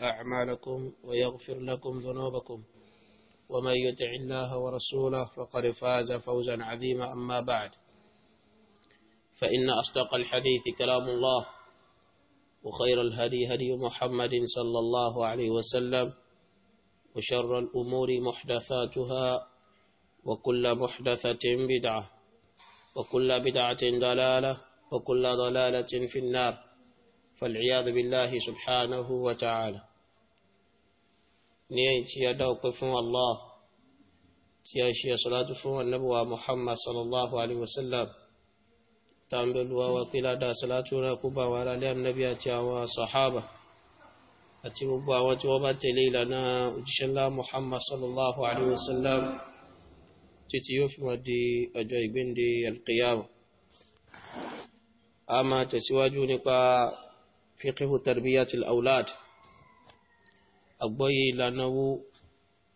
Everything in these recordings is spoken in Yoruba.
أعمالكم ويغفر لكم ذنوبكم ومن يطع الله ورسوله فقد فاز فوزا عظيما أما بعد فإن أصدق الحديث كلام الله وخير الهدي هدي محمد صلى الله عليه وسلم وشر الأمور محدثاتها وكل محدثة بدعة وكل بدعة ضلالة وكل ضلالة في النار فالعياذ بالله سبحانه وتعالى ní ẹ̀yìn tí ya dá pe fún Allah tí ya ṣe ṣàlátù fún annabuwa Muhammad sallallahu alaihi wasallam ta ń bẹ̀lúwa wa kila da ṣàlátù rẹ̀ kó bá wa lálẹ́ annabi àti àwọn sahaba àti gbogbo àwọn tí wọ́n bá tẹ̀lé ìlànà òjíṣẹ́ ńlá Muhammad sallallahu alaihi wasallam títí yóò fi wọ́n di ọjọ́ ìgbéǹde alqiyam a máa tẹ̀síwájú nípa fiqhu tarbiyatil awlad. àgbọ́yé ìlànà wo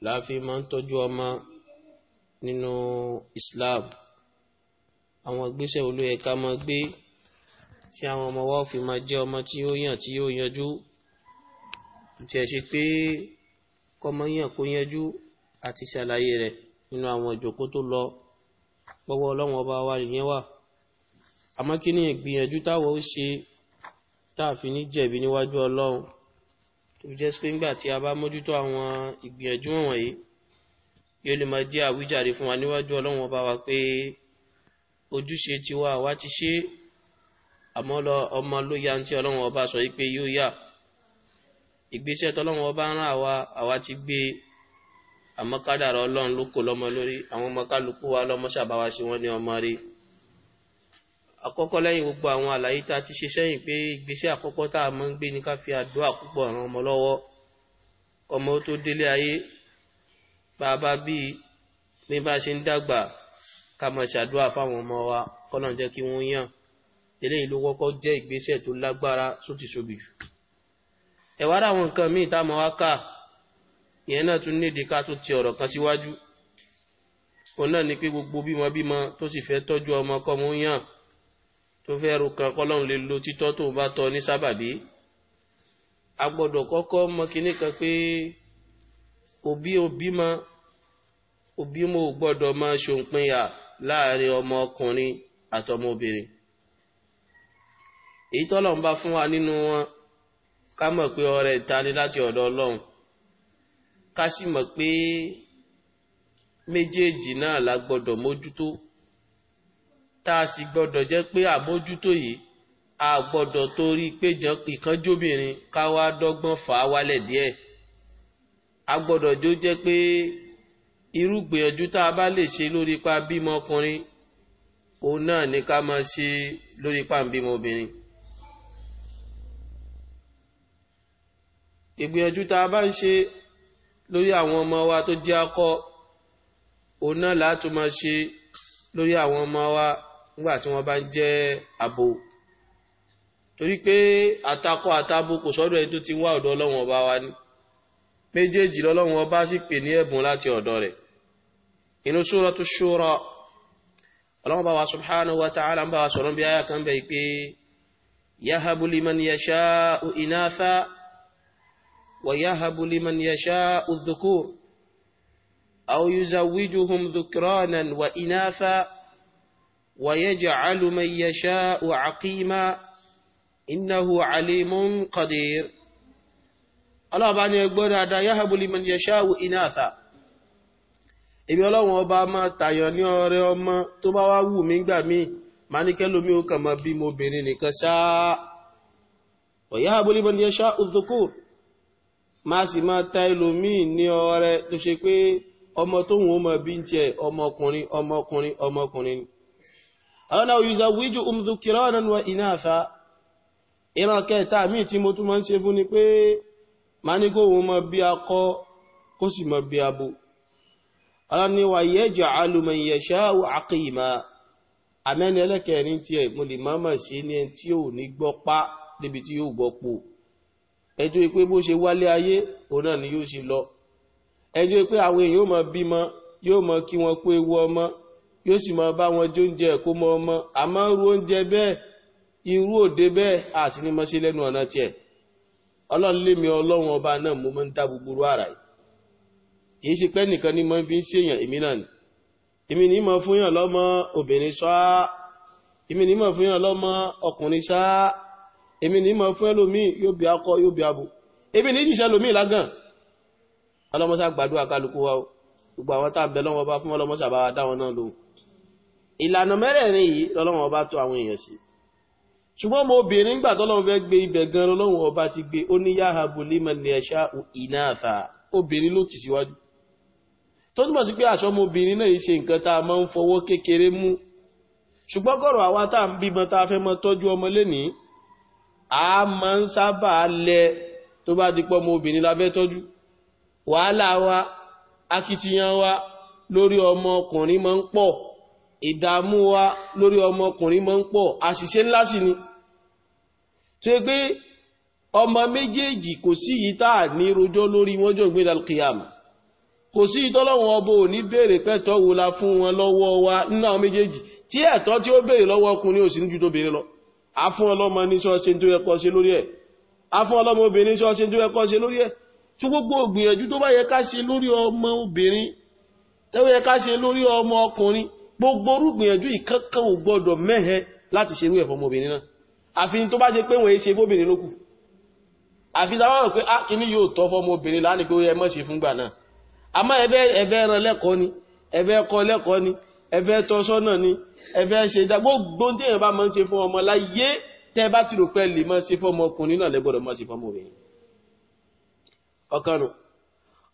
la fi máa ń tọ́jú ọmọ nínú Islam àwọn ìgbésẹ̀ wo ló yẹ ká máa gbé tí àwọn ọmọ wa fi máa jẹ́ ọmọ tí ó yàn tí ó yanjú tí ẹ ṣe pé kọ́mọ yàn kó yanjú àti ṣàlàyé rẹ̀ nínú àwọn ìjòkó tó lọ gbọ́wọ́ ọlọ́run ọba wa nìyẹn wà àmọ́ kí ni ìgbìyànjú táwọn ó ṣe tá ní jẹ̀bi níwájú ọlọ́run tó jẹ́ pé ńgbà tí a bá mójútó àwọn ìgbìyànjú wọ̀nyí yóò lè máa jẹ́ àwíjàre fún wa níwájú ọlọ́run ọba wa pé ojúṣe tiwa àwa ti ṣe àmọ́ ọmọ ló ya ti ọlọ́run ọba sọ pé yóò yà ìgbésẹ̀ tọ́lọ́run ọba ń rán àwa àwa ti gbé e. àmọ́ kádàrá ọlọ́run ló kó lọ́mọ lórí àwọn ọmọ kálukú wa lọ́mọ ṣàbáwá sí wọn ní ọmọ rí àkọ́kọ́ lẹ́yìn gbogbo àwọn àlàyé tá a ti ṣe sẹ́yìn pé ìgbésẹ̀ àkọ́kọ́ tá a máa ń gbé ní ká fi àdúrà púpọ̀ ràn ọmọ lọ́wọ́ ọmọ tó délé ayé bàbá bíi bí bá ṣe ń dàgbà ká máa ṣàdúrà fáwọn ọmọ wa kọ́nà jẹ́ kí wọ́n yàn eléyìí ló kọ́kọ́ jẹ́ ìgbésẹ̀ tó lágbára tó ti jù ẹ̀wá rà àwọn nǹkan míì táwọn wá kà ìyẹn náà tún nídìí ká tó ti ọ̀rọ̀ kan síwájú òun náà ni pé gbogbo bímọ bímọ tó sì fẹ́ tọ́jú ọmọ kọ́mọ yàn tó fẹ́ ro kan kọ́lọ́run lè lo títọ́ tó bá tọ ní sábàbí a gbọ́dọ̀ kọ́kọ́ mọ kinní kan pé òbí òbí mọ òbí mo gbọ́dọ̀ máa ṣòpinya láàrin ọmọ ọkùnrin àtọmọbìnrin èyí tọ́lọ̀ ń bá fún wa nínú wọn ká mọ̀ pé ọrẹ ìtani láti ọ̀dọ̀ ọlọ́run la gbọ́dọ̀ mójútó. tá a sì gbọ́dọ̀ jẹ́ pé àmójútó yìí a gbọ́dọ̀ torí pé ìkánjóbìnrin ká wá dọ́gbọ́n fà á wálẹ̀ díẹ̀ a gbọ́dọ̀ jó jẹ́ pé irú gbìyànjú tá a bá lè ṣe lórí ipa bímọ ọkùnrin òun náà ni ká máa ṣe lórí ipa bímọ obìnrin. ìgbìyànjú tá a bá ń ṣe lórí àwọn ọmọ wa tó jẹ́ akọ òun náà láti máa ṣe lórí àwọn ọmọ wa nígbà tí wọ́n bá ń jẹ́ abo torí pé atakọ atabo kò sọ́dọ̀ ẹni tó ti wá ọ̀dọ̀ ọlọ́run ọba wa ni méjèèjì lọ́lọ́run ọba sì pè ní ẹ̀bùn láti ọ̀dọ̀ rẹ̀ inú Suratu Shura ọlọ́run bá wa subhanahu wa ta'ala ń bá wa sọ̀rọ̀ bí ayá kan bẹ̀ pé yahabu liman yasha'u inatha wa yahabu liman yasha'u dhukur aw yuzawijuhum dhukranan wa inatha ويجعل من يشاء عقيما إنه عليم قدير الله بعني يقول هذا يهب لمن يشاء إناثا ibi ọlọ́run ọba máa tàyàn ní ọrẹ ọmọ tó bá wá wù mí gbà mí máa ní kẹ́lómi ó kàn máa bí mo obìnrin nìkan ṣáá ọ̀yá abúlébọn ní ẹṣá òzòkó ma sì máa ta ẹlòmíì ní ọrẹ tó àwọn yuzawwiju um dhukiranan wa inatha ìran kẹta míì tí mo tún máa ń ṣe fún ni pé ma ní kó wọn mọ bí akọ kó sì mọ bí abo ọlọ́run ni wa yaj'alu man yasha'u aqima àmẹ́ni ẹlẹ́kẹ̀ẹ́rin tí ẹ̀ mo lè má mà ṣe ní ẹni tí ò ní gbọ́ pa ni yóò ṣe lọ ẹjọ́ pé àwọn èèyàn yóò yóò sì máa bá wọn jó oúnjẹ kó mọ ọmọ àmọ́ irú oúnjẹ bẹ́ẹ̀ irú òde bẹ́ẹ̀ a sì ní máa ṣe lẹ́nu ọ̀nà tiẹ̀ ọlọ́run lémi ọlọ́run ọba náà mo máa ń dá gbogbo ru àrà yìí kìí ṣe pé nìkan ni mo fi ń ṣèyàn èmi náà ni èmi ní mo fún yàn lọ́mọ obìnrin ṣáá èmi ní mo fún yàn lọ́mọ ọkùnrin ṣáá èmi ní mo fún ẹlòmíì yóò bí akọ yóò bí abo èmi ní ìṣiṣẹ́ ẹlòmíì lágàn ọlọ́mọṣà gbàdúrà kálukú wa o gbogbo àwọn tá à bẹ lọ́wọ́ bá fún ọlọ́mọṣà bá dá wọn náà lóhùn ìlànà mẹ́rẹ̀ẹ̀rin yìí lọ́lọ́run ọba tó àwọn èèyàn sí ṣùgbọ́n mo obìnrin nígbà tọ́lọ́run fẹ́ gbé ibẹ̀ gan lọ́lọ́run ọba ti gbé ó ní yahabu limalẹ̀ ẹ̀ṣá ìnáàfà obìnrin ló ti síwájú tó túmọ̀ sí pé àṣọ ọmọbìnrin náà yìí ṣe nǹkan tá a máa ń fọwọ́ kékeré mú ṣùgbọ́n gọ̀rọ̀ àwa tá à ń bímọ tá a fẹ́ mọ tọ́jú ọmọ lénìí a máa ń sábà lẹ tó bá di pọ́ ọmọbìnrin la fẹ́ tọ́jú wàhálà wa akitiyan wa lórí ọmọ ọkùnrin máa ń pọ̀ ìdààmú wa lórí ọmọkùnrin máa ń pọ̀ àṣìṣe ńlá sì ni tó yẹ pé ọmọ méjèèjì kò sí yìí tá à ní rojọ́ lórí wọn jọ gbé dàlùkìyàmù kò sí ìtọ́lọ́wọ́n ọba ò ní béèrè pẹ́tọ́ wo la fún wọn lọ́wọ́ wa nínú àwọn méjèèjì tí ẹ̀tọ́ tí ó béèrè lọ́wọ́ ọkùnrin ò sí níjú tó béèrè lọ a fún ọlọ́mọ ní sọ́ọ́sẹ́ tó yẹ kó ṣe lórí ẹ̀ a fún ọlọ́mọ obìnrin sọ́ọ́sẹ́ tó yẹ kó ṣe lórí ẹ̀ tí gbogbo ògbìyànjú tó bá yẹ ká ṣe lórí ọmọ obìnrin tó yẹ ká ṣe lórí ọmọ ọkùnrin gbogbo orúgbìyànjú ìkankan ò gbọdọ̀ mẹ́hẹ láti ṣerú ẹ̀fọ́ ọmọbìnrin náà àfi tó bá jẹ pé wọ́n ṣe fóbìnrin lókù àfi táwọn rò pé á ah, kìíní yóò tọ́ fọmọbìnrin láti pé ẹ mọ̀ ṣe fúngbà náà àmọ́ ran lẹ́kọ̀ọ́ ni ẹ̀fẹ́ kọ́ lẹ́kọ̀ọ́ ni ẹ̀fẹ́ sọ́nà ni ẹ̀fẹ́ ṣe gbogbo tí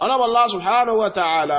èèyàn bá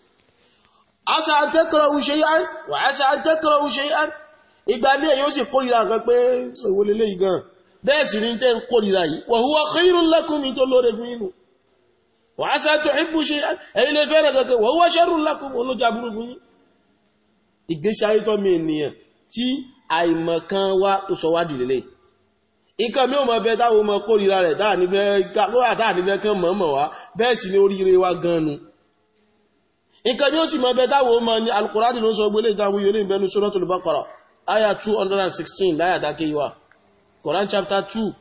àṣà àtẹ́kọ̀rọ̀ òṣè yán wà àṣà àtẹ́kọ̀rọ̀ òṣè yán ìgbà mí ẹ̀yìn ó sì kórìíra nǹkan pé sòwò lélẹ́ yìí gan bẹ́ẹ̀ sì ni tẹ́ ń kórìíra yìí wa huwa khayrun lakum mi tó lóore fún yín wà àṣà tuhibbu ṣe yán mi ò mọ bẹ táwọn ọmọ kórìíra rẹ̀ táà nífẹ̀ẹ́ kán mọ̀ọ́mọ̀ wá bẹ́ẹ̀ sì ni oríire wa gan-an nǹkan bí ó sì máa bẹ táwọn ọmọ ní Al-Qur'an ló ń sọ gbélé ìtàwọn yìí ní ìbẹnu Suratul Baqarah aya 216 láyà dákẹ́ yìí wà Quran chapter 2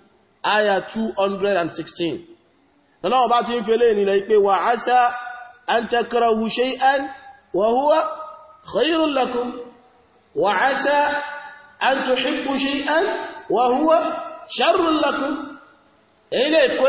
aya 216 lọ́wọ́ bá ti ń fẹ́lẹ́ ìnìlẹ̀ ìpé wa asa an takrahu shay'an wa huwa lakum wa asa an tuhibbu shay'an wa huwa lakum èyí lè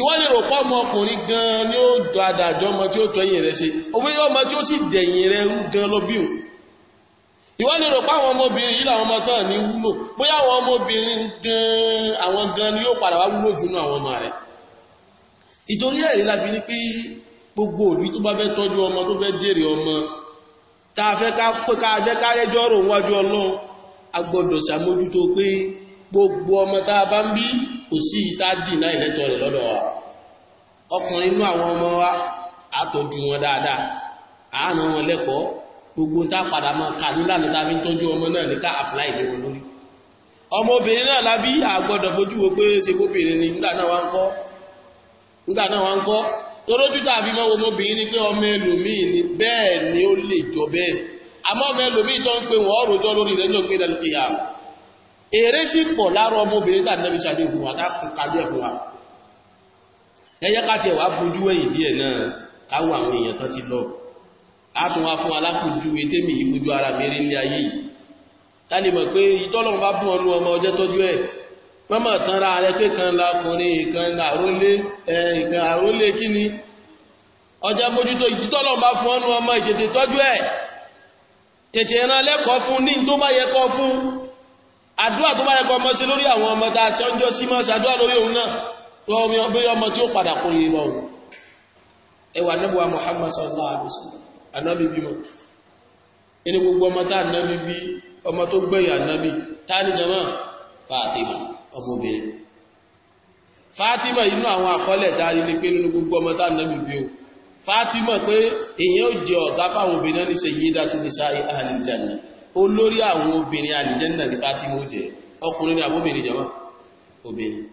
ìwọ́n rò pọ́ ọmọ ọkùnrin gan ni ó dàdàjọ́ ọmọ tí ó tọ́ ẹ̀yìn rẹ̀ ṣe òwe ọmọ tí ó sì dẹ̀yìn rẹ̀ ń gan lọ bí o ìwọ́n rò ọmọbìnrin yìí ọmọ tán ní wúlò bóyá àwọn ọmọbìnrin gan àwọn gan ni yóò padà wá wúlò àwọn ọmọ rẹ̀ ẹ̀rí la fi ní gbogbo òbí tó bá fẹ́ tọ́jú ọmọ tó fẹ́ jèrè ọmọ tá a fẹ́ ká fẹ́ ká wájú ọlọ́run gbogbo ọmọ tá a bá ń bí kò sí ìta dìnnà ìlẹ́tọ̀ rẹ̀ lọ́dọ̀ wa ọkùnrin inú àwọn ọmọ wa àtọ́jú wọn dáadáa àánú wọn lẹ́kọ̀ọ́ gbogbo tá a padà máa kà nílànà tá a fi ń tọ́jú ọmọ náà ní ká lé wọn lórí ọmọbìnrin wo pé ṣe kóbìnrin ni nígbà náà ń kọ́ nígbà náà ń kọ́ torójú mọ́ ni pé ọmọ jọ bẹ́ẹ̀ àmọ́ ọmọ ẹlòmíì tó ń wọ́n èrè sì pọ̀ lára ọmọbìnrin tàbí nẹ́bí sáré fún wa táàkùn kálí ẹ̀fún wa ẹyẹ ká tiẹ̀ wá bójú ẹ̀yìn díẹ̀ náà káwọ àwọn èèyàn tán lọ á tún wá fún alákòójú etémi ìfojú ara mi rí ní ayé yìí ká lè mọ̀ ọnu ọmọ ọjọ́ tọ́jú ẹ̀ mọ́mọ́ tán ra pé kan àrólé àrólé ọjà ìtọ́lọ́run bá ọnu ọmọ àdúrà tó bá rẹ̀kọ́ ọmọ sí lórí àwọn ọmọ tá a ṣe ọjọ́ sí máa ṣàdúrà lórí òun náà lọ́wọ́ ọmọ tí ó padà o yé lọ́wọ́ ẹwà nẹ́bùwà Muhammad sallallahu alaihi wasallam anábì bímọ inú gbogbo ọmọ tá anábì bí ọmọ tó gbẹ̀yìn anábì tá jama Fatima ọmọbìnrin Fatima inú àwọn àkọlẹ̀ tá a pé nínú gbogbo ọmọ tá anábì bí o Fatima pé èèyàn ò jẹ ọ̀gá fáwọn obìnrin olórí àwọn obìnrin àlìjẹ́nà ní Fátímà ó jẹ́ ọkùnrin ní àbóbìnrin jẹ́mọ́ obìnrin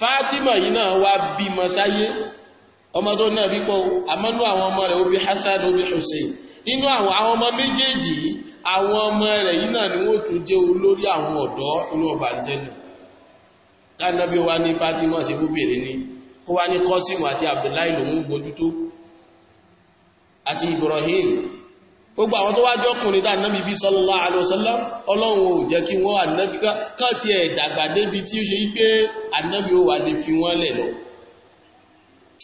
Fátímà yìí náà wá bímọ sáyé ọmọ tó náà bí pọ́ àmọ́nú àwọn ọmọ rẹ̀ obi Hassan obi Hussein nínú àwọn ọmọ méjèèjì àwọn ọmọ rẹ̀ yìí náà ni wọ́n tún jẹ́ olórí àwọn ọ̀dọ́ inú ọba àlìjẹ́nà tánàbí wa ní Fátímà ṣe bóbìnrin ni kó wá ní Kọ́sìmù àti Abdullahi lòún gbójútó àti Ibrahim gbogbo àwọn tó wá jọkùnrin tá ànábì bí sallallahu alaihi wasallam ọlọ́run ò jẹ́ kí wọ́n ànábì kán ti ẹ̀ dàgbà débi tí ó ṣe wípé ànábì ó wà lè fi wọ́n lẹ̀ lọ.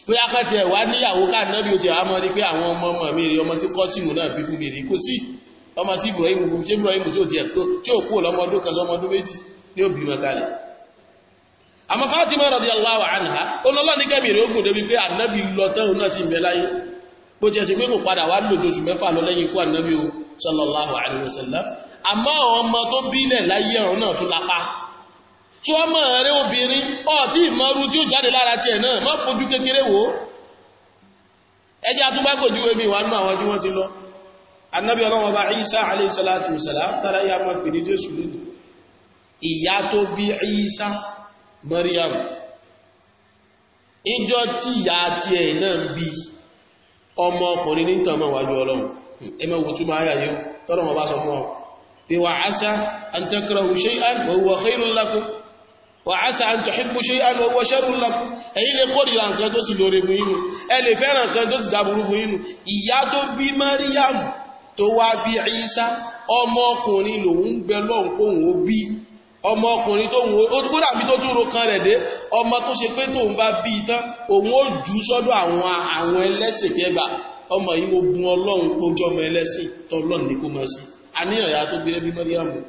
bóyá kán ti ẹ̀ wá níyàwó ká ànábì ó ti wá mọ́ ni pé àwọn ọmọ ọmọ mi rè ọmọ tí kọ́sìmù náà fi fún mi rè kò sí ọmọ tí Ibrahim kò ṣe Ibrahim tí ò tiẹ̀ kó tí ò kú lọ́mọdún kan sọmọdún méjì ní òbí wọn kalẹ̀. àmọ́ Fatima radiyallahu anha olólọ́ bó ti ẹ̀sìn pé kò padà wá lòdò oṣù mẹ́fà lọ lẹ́yìn ikú ànábì o sallallahu alaihi wasallam àmọ́ àwọn ọmọ tó bílẹ̀ láyé ọ̀run náà tún lápá tí wọ́n mọ̀ rẹ obìnrin ọ̀tí ìmọ̀rú tí ó jáde lára tiẹ̀ náà má fojú kékeré wò ó ẹjẹ́ atúbágbòjú omi wà nínú àwọn tí wọ́n ti lọ ànábì ọlọ́wọ́n bá Isa alaihi wasalam tara ya máa pè ní Jésù lónìí ìyá tó bí Isa Maryam ìjọ tí ìyá tiẹ̀ náà bíi ọmọ ọkùnrin ní tàn máa wájú ọlọ́run ẹmọ wò túnmọ̀ ayà yóò tọ́rọ wọn bá sọ fún ọ bí wà ásá an takrahu shay'an wa huwa khayrun lakum wà ásá an tuhibbu shay'an wa huwa sharrun lakum ẹ̀yin ọmọ ọkùnrin tó wò ó kó dàbí tó tún kan rẹ̀ dé ọmọ tó ṣe pé tóun bá bí i tán òun ó jù sọ́dọ̀ àwọn àwọn ẹlẹ́sìn kẹgbà ọmọ yìí mo ọmọ ẹlẹ́sìn ní kó máa sí àníyàn ya tó gbé ẹbí mọ́ríàmù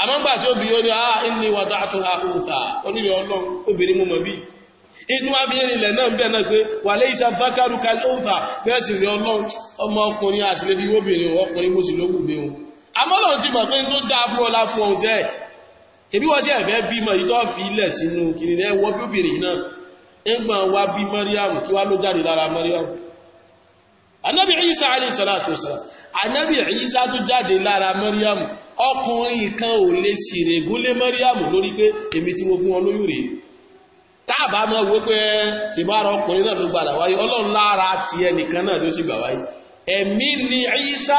àmọ́ gbà tí ó bí ó ní ọlọ́run obìnrin mo mọ̀ bí inú ilẹ̀ náà ń bẹ̀ náà pé wà lẹ́yìn iṣẹ́ bákàrù kalẹ́ bẹ́ẹ̀ sì rí ọlọ́run ọmọ ọkùnrin obìnrin amọ́lọ̀ ti mọ̀ pé tó dáa fún ọlá fún ọ̀sẹ̀ ẹbí wọ́n sí ẹ̀fẹ́ bímọ yìí tó fi ilẹ̀ sínú kiri rẹ̀ wọ́n bí obìnrin náà ń gbọ́n wá bí mọ́ríàmù kí wá ló jáde lára mọ́ríàmù anábì Ìsá alayhi salatu wasalam anábì Ìsá tó jáde lára mọ́ríàmù ọkùnrin kan ò lè ṣìrè gúnlé mọ́ríàmù lórí pé èmi tí mo fún ọ lóyún rèé táàbà mọ̀ wí pé tìbára ọkùnrin náà ló gbàdà wáyé ọlọ́run lára tiẹ̀ nìkan náà ló sì gbà wáyé ẹ̀mí ni Ìsá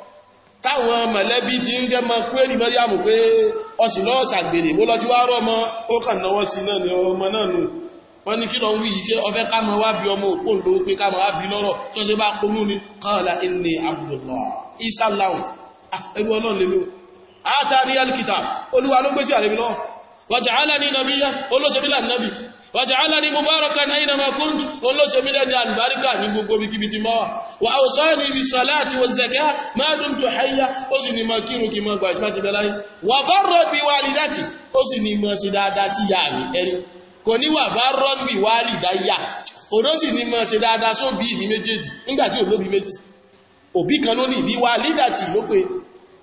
táwọn mọ̀lẹ́bí ti ń gẹ́mọ pé ní mọ́ríàmù pé ọsìn lọ́wọ́ ṣàgbèrè bó lọ ti wá rọ́ ọmọ ó kàn náwọ́ sí náà ni ọmọ náà nù wọ́n ní kí lọ ń wí yìí ṣe ọfẹ́ ká mọ wá bí ọmọ òpó ló pé wá bí lọ́rọ̀ tó ṣe bá isa ẹgbẹ́ ọlọ́run lèmi o olúwa ló gbé wàjàálàní mubarakan aina ma kuntu olóṣèmí lẹ́ni àlùbáríkà ní gbogbo ibikíbi tí mọ́ wà wà awsani bis salati waz zakati ma dumtu hayya ó sì ní ma kírun kí ma gbàjúmá ti bẹ́láyé wà barra bi walidati ó sì ní ma ṣe dáadáa sí ìyá mi ẹni kò ní wà barra bi walidayya òdó sì ní ma ṣe dáadáa sóbí mi méjèèjì nígbà tí olóbi méjì òbí kan ló ní ìbí walidati ló pé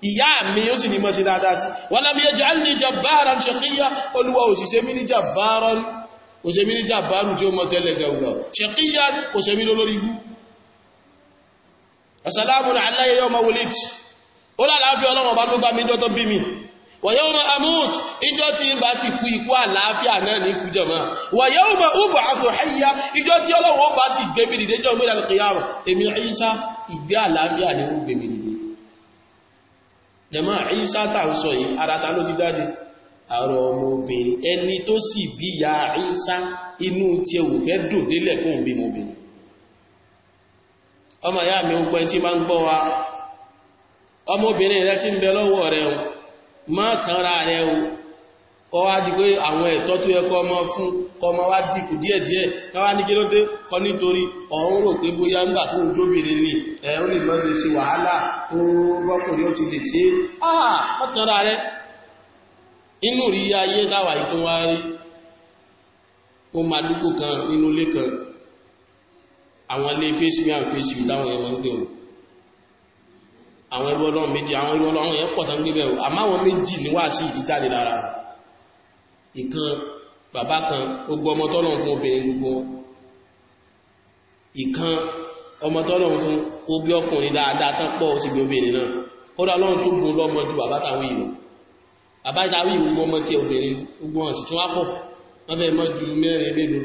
ìyá mi ó sì ní ma ṣe dáadáa sí walam yaj'alni jabbaran shaqiyya olúwa òṣìṣẹ́ mi ní jabbaran kò ṣe mí ní jàbáàrù tí ó mọ tẹ́lẹ̀ gẹ̀wùlọ ṣẹ̀kíyà kò ṣe mí lórí igú asalamu alayhi wulid ó lálàáfíà ọlọ́wọ̀n bá tó mi jọ́tọ́ bí mi wa yawma amut ìjọ tí ń bá sì kú ikú àlàáfíà náà ní ikú jọmọ́ wa bá gbé mi dìde jọ kìyàmù èmi Ìsá ìgbé àlàáfíà ní ó gbé mi dìde ara ta ló ti àrọ ọmọbìnrin ẹni tó sì bí ya ìsá inú tí ẹ òfẹ́ dùn délẹ̀ fún òbí ọmọ ya mi gbọ́ tí ma ń gbọ́ wa ọmọbìnrin rẹ ti ń bẹ lọ́wọ́ rẹ o má tanra rẹ o kọ́ wá di pé àwọn ẹ̀tọ́ tó yẹ kọ́ ọmọ fún kọ́ wá dìkù díẹ̀díẹ̀ ní kí ló dé kọ́ nítorí rò pé bóyá wàhálà tó rọ́kùnrin ó ti lè ṣe é. ah rẹ inú rí ayé láwà ìtún wá rí ó máa dúkò kan nínú ilé kan àwọn ilé fèsì bí àwọn fèsì ìdáwọn ẹ̀wọ̀n gbé o àwọn ẹrú ọlọ́run méjì àwọn ẹrú ọlọ́run yẹn pọ̀ tán gbé bẹ́ẹ̀ o àmọ́ àwọn méjì ní wá sí ìdíjáde lára ìkan bàbá kan ó gbọ́ ọmọ tọ́lọ̀ fún obìnrin gbogbo ìkan ọmọ tọ́lọ̀ fún ó ọkùnrin dáadáa tán pọ̀ ó obìnrin náà kódà ọlọ́run tó gun lọ́mọ ju bàbá táwọn èèyàn àbájáwí gbogbo ọmọ tí obìnrin gbogbo ọ̀sìn tí wọ́n pọ̀ wọ́n fẹ́ mọ́ ju mẹ́rin mélòó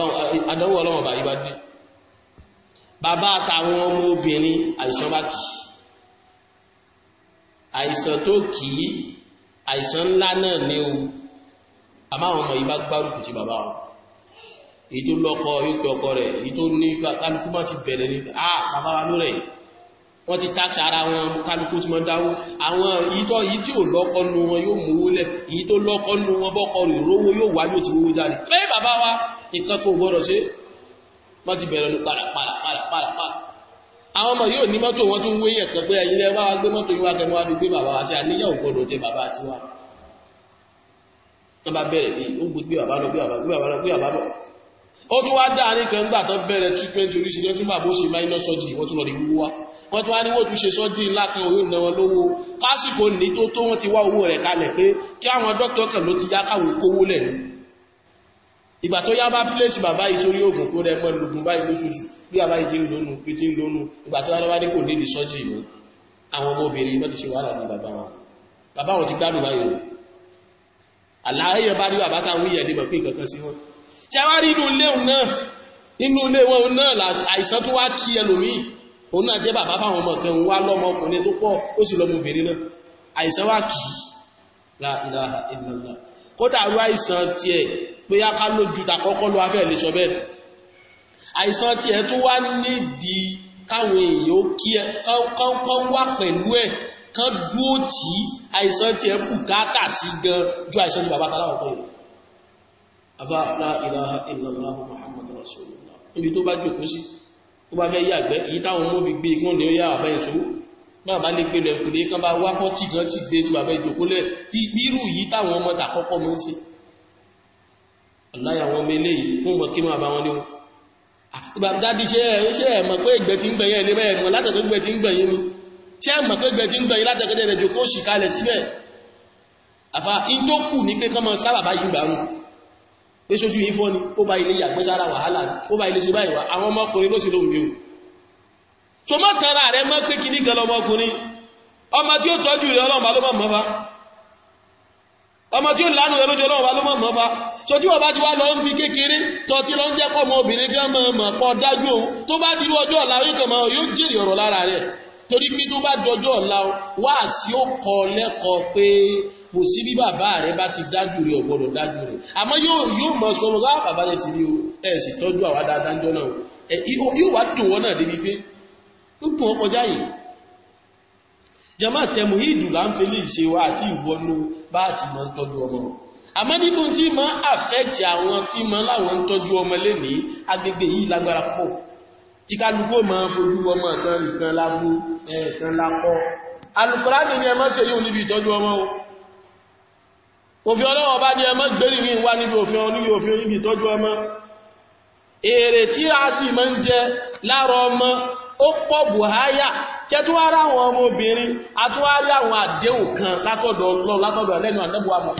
lọ adọ́wọ́ ọlọ́wọ́ bá yíwá dé bàbá àtàwọn ọmọ obìnrin àìsàn bá kì í àìsàn tó kì í àìsàn ńlá náà ní o àmáwọn ọmọ yìí bá gbárùkù ti bàbá wọn èyí tó lọ́kọ yóò pe ọkọ rẹ̀ èyí tó ní kálukú má ti bẹ̀rẹ̀ ní à ah, bàbá wa ló rẹ̀ yìí wọ́n ti tax ara wọn kálukú ti mọ́ dáwó àwọn ìtọ́ yìí tí ò lọ́kọ́ nu wọn yóò mú owó lẹ̀ èyí tó lọ́kọ́ nu wọn bọ́kọ rè rówó yóò wá yóò ti wówó jáde pé bàbá wa nǹkan kò gbọ́dọ̀ ṣe wọ́n ti bẹ̀rẹ̀ lu pàlàpàlàpàlàpàlà àwọn ọmọ yóò ní mọ́tò wọn tún wé yẹn kan pé ẹ̀yin lẹ́wọ́ wa gbé mọ́tò yín wá kẹ́mi wá fi gbé bàbá wa ṣe àníyàn gbọ́dọ̀ tẹ bàbá tiwa wọ́n ó tún wá dáa ní kan gbà tán bẹ̀rẹ̀ treatment wọ́n ti wá ní wọ́n tún ṣe sọ́jí ńlá kan òun ìná wọn lówó kásìkò ní tó tó wọ́n ti wá owó rẹ̀ kalẹ̀ pé kí àwọn dókítà kan ló ti yá káwọn kówó lẹ̀ ní ìgbà tó yá bá pílẹ̀sì bàbá yìí sórí oògùn tó rẹ mọ́ lògùn báyìí lóṣooṣù bí bàbá yìí ti ń lónú pé ti ń lónú ìgbà tó yá bá dé kò ní ìdí sọ́jí ìlú àwọn ọmọbìnrin náà ti ṣe wàhálà ní bàbá wọn bàbá wọn ti gbádùn báyìí o àlàáyé bá rí bàbá táwọn yẹ̀ dìbò pé nǹkan sí wọn tí wá rí inú ilé òun náà inú ilé wọn náà àìsàn tó wá kí ẹlòmíì òun náà jẹ́ bàbá fáwọn ọmọ kan wá lọ́mọkùnrin tó pọ̀ ó sì lọ́mọbìnrin náà àìsàn wà kì í la ilaha illallah kódà ru àìsàn tiẹ̀ pé a ká lójú ta kọ́kọ́ ló wá fẹ́ lè sọ bẹ́ẹ̀ àìsàn tiẹ̀ tún wá nídìí káwọn èèyàn ó kí ẹ kọ́ńkọ́ wá pẹ̀lú ẹ̀ kán dúó tì í àìsàn tiẹ̀ kù káàkà sí gan ju àìsàn ti bàbá kaláwọ̀ kan yìí abá la ilaha illallah muhammadu rasulullah níbi tó bá jókòó sí tó bá fẹ́ yàgbẹ́ èyí táwọn ọmọ fi gbé ikú ní ó yà àfẹ́ ìṣó náà bá lè pé lẹ́kùnlé kán bá wá fọ́tì kan ti gbé sí bàbá ìjòkólẹ̀ ti bírù yìí táwọn ọmọ tàkọ́kọ́ mọ́ sí aláyàwọn ọmọ eléyìí fún ọmọ kí máa bá wọn léwu dádì ṣe ẹ̀ ṣe ẹ̀ mọ̀ pé ìgbẹ́ ti ń gbẹ̀yìn ẹni bẹ́ẹ̀ mọ̀ látọ̀kọ́ ìgbẹ́ ti ń gbẹ̀yìn ni ṣe ẹ̀ mọ̀ pé ìgbẹ́ ti ń gbẹ̀yìn látọ̀kọ́ ìdẹ̀rẹ̀ jòkó ṣì kalẹ̀ síbẹ̀ àfa in tó kù ní pé kán mọ sábàbá yìí gbàrún pé sójú yìí fọ́ ni ó bá ilé yàgbẹ́ sára wàhálà ó bá ilé ṣe báyìí wá àwọn ọmọkùnrin ló sì ló ń bí o tó mọ́ tara rẹ mọ́ pé kí ní kan lọmọkùnrin ọmọ tí ó tọ́jú rẹ ọlọ́mọ ló mọ̀ mọ́ bá ọmọ tí ó lánú rẹ lójú ọlọ́mọ ló mọ̀ mọ́ bá sojú ọba ti wá lọ ń fi kékeré tọ́ tí lọ ń jẹ́kọ́ ọmọ obìnrin gan mọ̀ mọ̀ pọ̀ dájú òun tó bá dirú ọjọ́ ọ̀la yóò kàn mọ́ yóò jèrè ọ̀rọ̀ lára rẹ̀ torí pé tó bá dọjọ́ ọ̀la wá kò sí bí bàbá rẹ bá ti dájú rẹ ọ̀gbọ́dọ̀ dájú rẹ àmọ́ yóò yóò mọ sọ ọmọ gáà ah, bàbá rẹ ti rí o ẹ sì tọ́jú àwa dáadáa ń jọ náà ẹ yóò wá dùn wọn náà débi pé ó dùn wọn kọjá yìí jama tẹmu ìdù là ń fi lè ṣe wa àti ìwọnú bá a ti máa ń tọ́jú ọmọ àmọ́ nínú tí máa ń àwọn tí máa láwọn ń tọ́jú ọmọ lénìí agbègbè yìí lágbára pọ̀ tí kálukú máa fojú ọmọ kan nìkan lábú ẹ̀ẹ̀kan lápọ̀ alùpùpù láti ẹ má ṣe yóò níbi ìtọ́jú ọmọ o òfin ọlọ́wọ́ bá ní ẹmọ́ gbérírí wá níbi òfin oníbi òfin oníbi ìtọ́jú ọmọ èrè tí a sì mọ́ ń jẹ lára ọmọ ó pọ̀ bùháyà kẹ àwọn ọmọ obìnrin àtúwárí àwọn àdéhùn kan látọ̀dọ̀ ọlọ́run látọ̀dọ̀ lẹ́nu àdẹ́bùwà ọmọ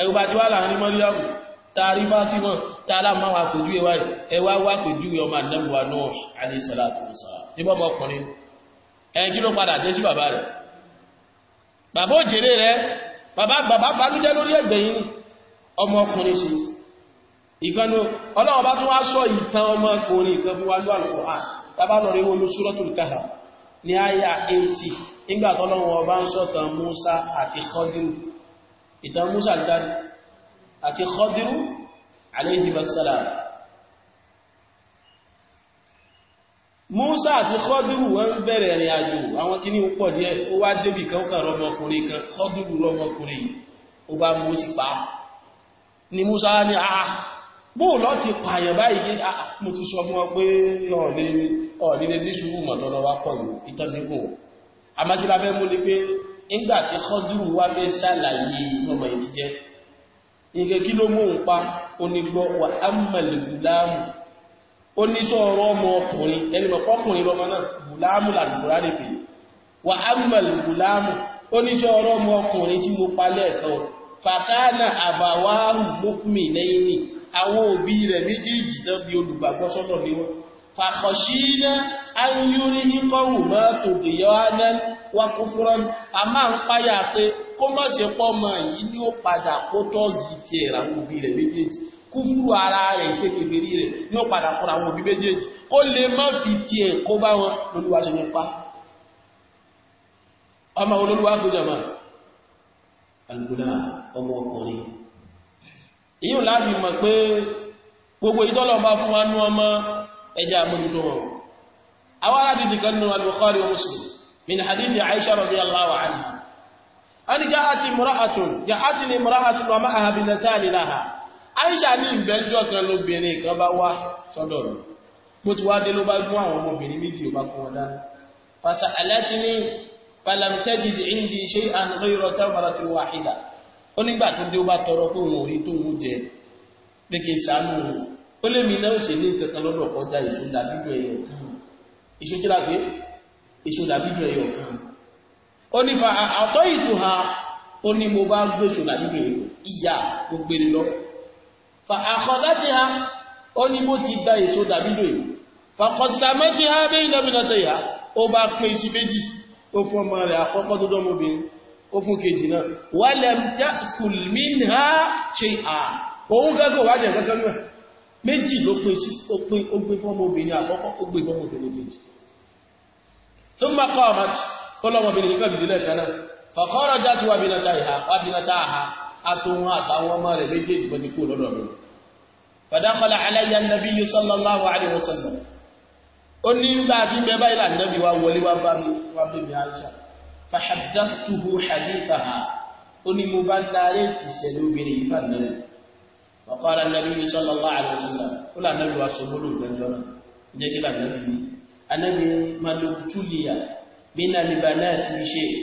ẹ̀rù bá ti wá láàrin mọ́ríyàmù taari fatima taala ma wa àpèjúwe wa ẹ wá wá àpèjúwe ọmọ anabi wa Nuh alayhi salatu wa salam níbo ọmọ ọkùnrin ẹ kí ló padà jẹ sí bàbá rẹ bàbá òjèrè rẹ bàbá bàbá banújẹ́ lórí ẹgbẹ̀yìn ọmọ ọkùnrin sí ìgbànú Ọlọ́run bá tún wá sọ ìtàn ọmọ kan fún wa ló Al-Qur'an bàbá lọ rí wọn Suratul Kahf ní àyà 80 nígbà tọ́lọ́run ọba ń sọ̀tàn Musa àti Khadiru ìtàn Musa àtàrí àti Khadiru aléhìmọ̀sára Musa àti Khadiru wọ́n bẹ̀rẹ̀ rìn àjò àwọn kíní pọ̀ díẹ̀ ó wá débì kan kà rọmọkùnrin kan Khadiru rọmọkùnrin ó bá mú sí pa ni Musa ní àà bóò lọ ti pààyàn báyìí kí mo ti sọ fún pé ọ̀nìyàn ní ṣùgbọ́n mọ̀tọ́lọ́wà pọ̀ ìtàn àmájílábẹ́ mú ní pé nígbà tí kọ́dúrú wá fẹ́ ṣàlàyé ọmọ ìtìjẹ́ nǹkan kí ló mú un pa onígbọ́ wà ámàlìbùláàmù ó ní sọ̀rọ̀ ọmọ ọkùnrin ẹni mọ̀ ọkùnrin lọ́mọ náà bùláàmù làdùbùrá lè pè wà ámàlìbùláàmù ó ní sọ̀rọ̀ ọmọ ọkùnrin tí mo pa lẹ́ẹ̀kan fàkánà àbàwárù mọ́kùnmí lẹ́yìn fàkọ̀ṣínà ayúrí kíkọ́rù mọ́ tòdìyọ́ alẹ́ wá kó fúnra a máa ń páyà pé kó má ṣe pọ́ mọ́ yìí ni ó padà kó tọ́ọ̀gì tiẹ̀ ràwọn òbí rẹ̀ méjèèjì kúfúrú ara rẹ̀ ṣe kékeré rẹ̀ ni ó padà kó ràwọn òbí méjèèjì kó lè má fi tiẹ̀ kó bá wọn lóluwà ṣe nípa ọmọ olóluwà tó jàmà alùpùpù ọmọ ọkùnrin èyí ò láti mọ̀ pé gbogbo ìdọ́lọ́ba ẹjẹ́ àmójútó wọn àwọn aládìdì kan nínú al-Bukhari wa Muslim min hadithi Aisha radiyallahu anha an ja'at imra'atun ja'atni imra'atun wa ma'aha binatani laha Aisha ní ìbẹ́jọ́ kan lóbìnrin kan bá wá sọ́dọ̀ rẹ̀ mo ti wá dé ló bá gún àwọn ọmọbìnrin méjì ó bá kún wọn dáná fasa alatini falam tajid indi shay'an ghayra tamratin wahida ó nígbà tó dé ó bá tọrọ pé òun ò rí tóun jẹ pé kì sàánú òun ó lé mi náà ṣe ní kankan lọ́dọ̀ kọjá èso dàbídò ẹ̀yọ̀ èso kí láti èso dàbídò ẹ̀yọ̀ ó ní fa àtọ́ ìtù ha ó ní mo bá gbé èso dàbídò ẹ̀yọ̀ ìyá gbogbo ẹni e lọ fa àkọ́dájì ha ó ní mo ti gba èso dàbídò ẹ̀yọ̀ fa kọ̀sàmẹ́tì ha bẹ́yìn lọ́mìnàtẹ̀ yá ó bá pín sí méjì ó fún ọmọ rẹ̀ àkọ́kọ́ tó dọ́mọbìnrin ó fún kejì náà wàlẹ̀ kùlmínà méjì ló pín sí ó pín ó gbé fọ́mọ obìnrin àkọ́kọ́ ó gbé fọ́mọ obìnrin kejì tó ń bá kọ́ ọmọ tí ọlọ́mọbìnrin nìkan dìde lẹ́ẹ̀kan náà fọ̀kọ́rọ̀ já ti wà bí nata ìhà wà bí nata àhà àtòun àtàwọn ọmọ rẹ̀ méjèèjì wọ́n ti kú lọ́dọ̀ mi fàdákọ́lá obìnrin yìí وقال النبي صلى الله عليه وسلم قل النبي وسبلو جنجونا نجي كلا النبي النبي ما تبتلي من البنات بشيء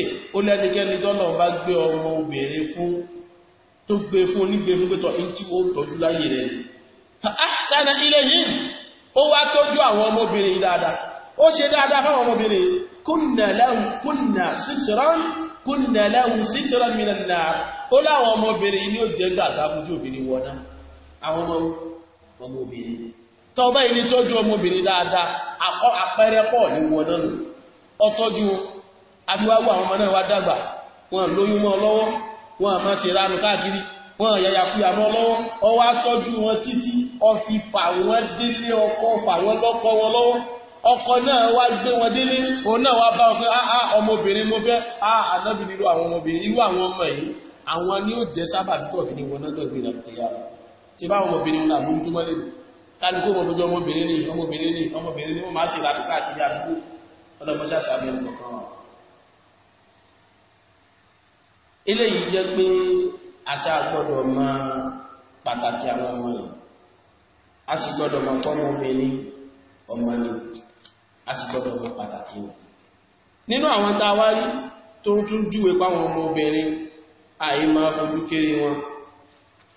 eh ó lẹ́nikẹ́ni tọ́nà bá gbé ọmọ obìnrin fún tó gbé fún onígbé fún pẹ́tọ̀ in tí ó tọ́jú láyé rẹ̀ ṣáná ilé yìí ó wá tọ́jú àwọn ọmọbìnrin dáadáa ó ṣe dáadáa fáwọn ọmọbìnrin kúnnà lẹ́hùn kúnnà sítìrán kúnnà lẹ́hùn sítìrán mìíràn náà ó láwọn ọmọbìnrin ilé òjẹ́ gbà sáfújú obìnrin wọná àwọn ọmọbìnrin tọba ilé tọ́jú ọmọbìnrin dáadáa àpẹẹrẹ pọ̀ ní wọná nù ọtọ́jú abiwáwọ àwọn ọmọ náà wá dàgbà wọn lóyún mọ́ lọ́wọ́ wọn àmọ́ ṣe ránu káàkiri wọn yàyà kuyà mọ́ lọ́wọ́ ọwọ́ atọ́jú wọn títí ọfi fà wọn délé ọkọ fà wọn lọ́kọ wọn lọ́wọ́ ọkọ náà wá gbé wọn délé òun náà bá wọn pé ọmọbìnrin àwọn ni ó jẹ sábà púpọ̀ fi ní wọn náà lọ́gbìn àtìyà tí bá wọn obìnrin náà mú tó mọ́lẹ̀ kálukú wọn lójú ọmọbìnrin ní ọmọbìnrin ní ọmọbìnrin ní wọn máa ṣe ìlànà káàkiri àdúgbò ọlọmọṣẹ àṣàbẹ nǹkan wọn. eléyìí jẹ́ pé àṣà gbọ́dọ̀ máa pàtàkì àwọn ọmọ yìí a sì gbọ́dọ̀ tó ń tún júwe páwọn ọmọbìnrin àyí máa fojú kéré wọn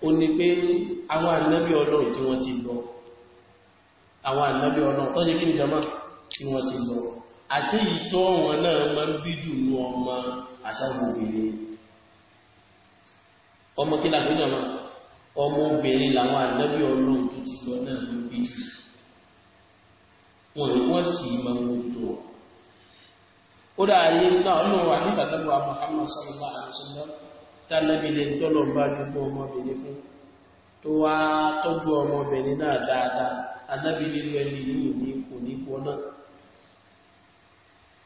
ó ní pé àwọn ànábí ọlọ́run tí wọ́n ti lọ àwọn ànábí ọlọ́run tó jẹ́ kí ní jama tí wọ́n ti lọ àti ìtọ́ wọn náà máa ń bí jù ní ọmọ àṣàgbò obìnrin ọmọ kí láti jama ọmọ obìnrin tánàbílẹ̀ tọ́lọ̀ bá jùpọ̀ ọmọbìnrin fún tó wá tọ́jú ọmọbìnrin náà dáadáa anábìlẹ̀ ẹni yìí ní kò ní kọ́ náà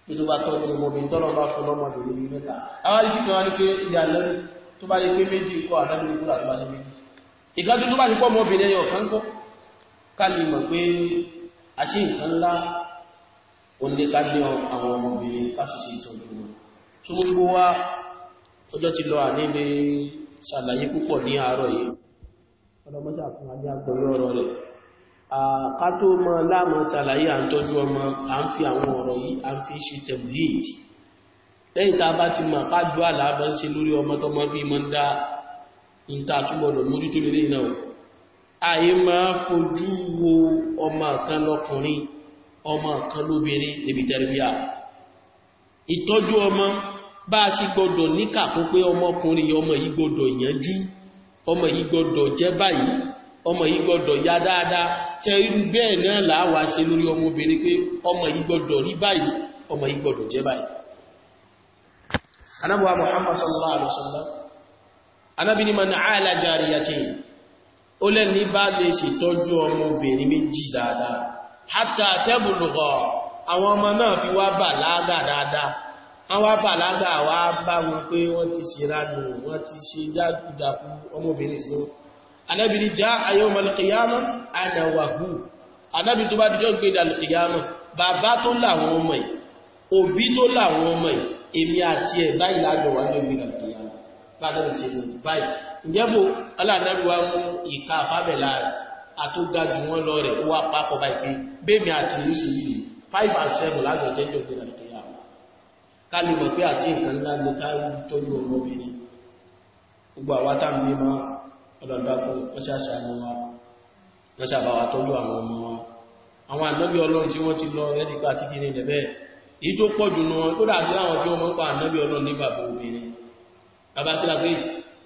ní tó bá tọ́jú ọmọbìnrin tọ́lọ̀ bá fún ọmọbìnrin ní mẹ́ta àwọn ìṣìkan wá ní pé ìyá lẹ́nu tó bá yẹ pé méjì kọ́ anábìlẹ̀ kúrò àti wájú méjì ìgbájú tó bá ti pọ́ ọmọbìnrin ẹyọ kan kọ́ ká lè mọ̀ pé àti nǹkan ńlá òun ní ká ní àwọn ọmọbìnrin ká sì ṣe ìtọ́jú wọn tó gbogbo wa ọjọ́ ti lọ àní lè ṣàlàyé púpọ̀ ní àárọ̀ yìí ọlọ́mọ́sà fún ajá pẹ̀lú ọ̀rọ̀ rẹ̀ ká tó mọ́ láàmọ́ ṣàlàyé à ń tọ́jú ọmọ à ń fi àwọn ọ̀rọ̀ yìí à ń fi ṣe tẹ̀wìlìd lẹ́yìn tá a bá ti mọ̀ ká ju àlàáfẹ́ ìtọ́jú ọmọ bá a ṣe gbọdọ̀ níkà fún pé ọmọkùnrin ọmọ yìí gbọdọ̀ yanjú ọmọ yìí gbọdọ̀ jẹ́ báyìí ọmọ yìí gbọdọ̀ ya dáadáa ṣe irú bẹ́ẹ̀ náà là á wá ṣe lórí ọmọbìnrin pé ọmọ yìí gbọdọ̀ rí báyìí ọmọ yìí gbọdọ̀ jẹ́ báyìí. anábọ̀ Muhammad sallallahu alayhi wa sallam anábì àwọn ọmọ náà fi wá bà láàgà dáadáa àwọn abàlágà wá bá wọn pé wọ́n ti ṣe ránù wọ́n ti ṣe jákújákú ọmọbìnrin sí wọn anábì ní já ayọ́mọ alkiyama anáwàhù anábì tó bá dijọ́ gbé alkiyama bàbá tó làwọn ọmọ ẹ̀ òbí tó làwọn ọmọ ẹ̀ èmi àti ẹ̀ báyìí lájọ wà ní ìgbìnà alkiyama bá anábì ti mú báyìí ǹjẹ́ bò aláàdábì wa mú àti ìlú five and seven lájọ jẹ́jọ́ gbé alkiyama ká lè mọ̀ pé àṣí nǹkan ńlá ní ká tọ́jú ọmọbìnrin gbogbo àwa táwọn bí máa ọ̀dọ̀dọ̀kọ̀ ọṣẹ́ àṣà àwọn wa lọ́ṣẹ́ àbáwà tọ́jú àwọn ọmọ wa àwọn ànábì ọlọ́run tí wọ́n ti lọ ẹ́dìgbà tí kí ní ilẹ̀ bẹ́ẹ̀ èyí tó pọ̀ jù náà tó dà sí àwọn tí wọ́n mọ́ pa ànábì ọlọ́run ní bàbá obìnrin bàbá sí lápé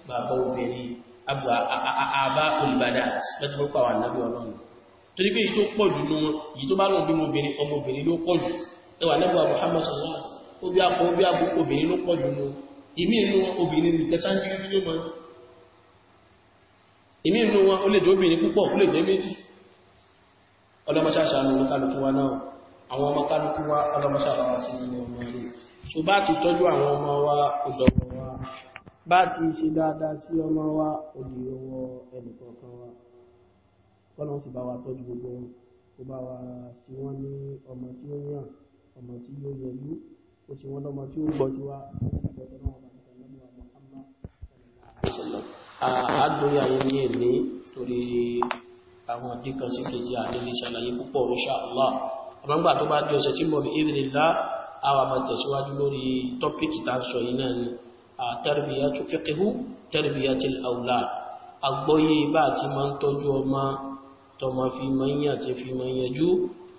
bàbá obìnrin àbá olùbàdà láti mọ́ pa àwọn ànábì Muhammad sallallahu obi akọ obi abo obìnrin ló pọ̀ jù lọ ìmí inú obìnrin nìkẹ́ sáńjú tí ó mọ́ ìmí inú wọn ó lè jẹ́ obìnrin púpọ̀ ó lè jẹ́ méjì ọlọ́mọṣáṣá ní ọmọkálukú wa náà àwọn ọmọkálukú wa ọlọ́mọṣáṣá wa sí nínú ọmọ rẹ̀ so bá ti tọ́jú àwọn ọmọ wa òdọ̀wọ̀ wa bá ti ṣe dáadáa sí ọmọ wa ó ṣe wọ́n lọ́mọ tí ó gbọ́ tí wá àádọ́yàwó ní èlé torí àwọn díkan sí kejì àdílé ṣàlàyé púpọ̀ insha Allah àmọ́gbà tó bá dé ọ̀sẹ̀ tí mọ̀ bí ìrìnlá àwa máa tẹ̀síwájú lórí tọ́pìkì tá ń sọ yìí náà ni tarbiyatu fiqhu tarbiyatil awlad agbóyé bá ti máa ń tọ́jú ọmọ tọmọ fi mọ́yàn ti fi mọ́yànjú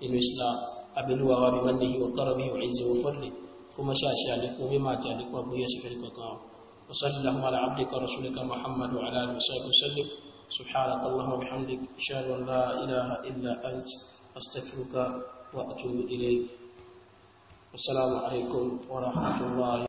inú Islam abẹ́lúwà wa bí wọ́n ní ìwọ̀kọ́rọ̀ bí wọ́n كما شاشي عليك وبما تعليك وبيسك عليك وطاعه وصلى اللهم على عبدك ورسولك محمد وعلى اله وصحبه وسلم سبحانك اللهم وبحمدك اشهد ان لا اله الا انت استغفرك واتوب اليك السلام عليكم ورحمه الله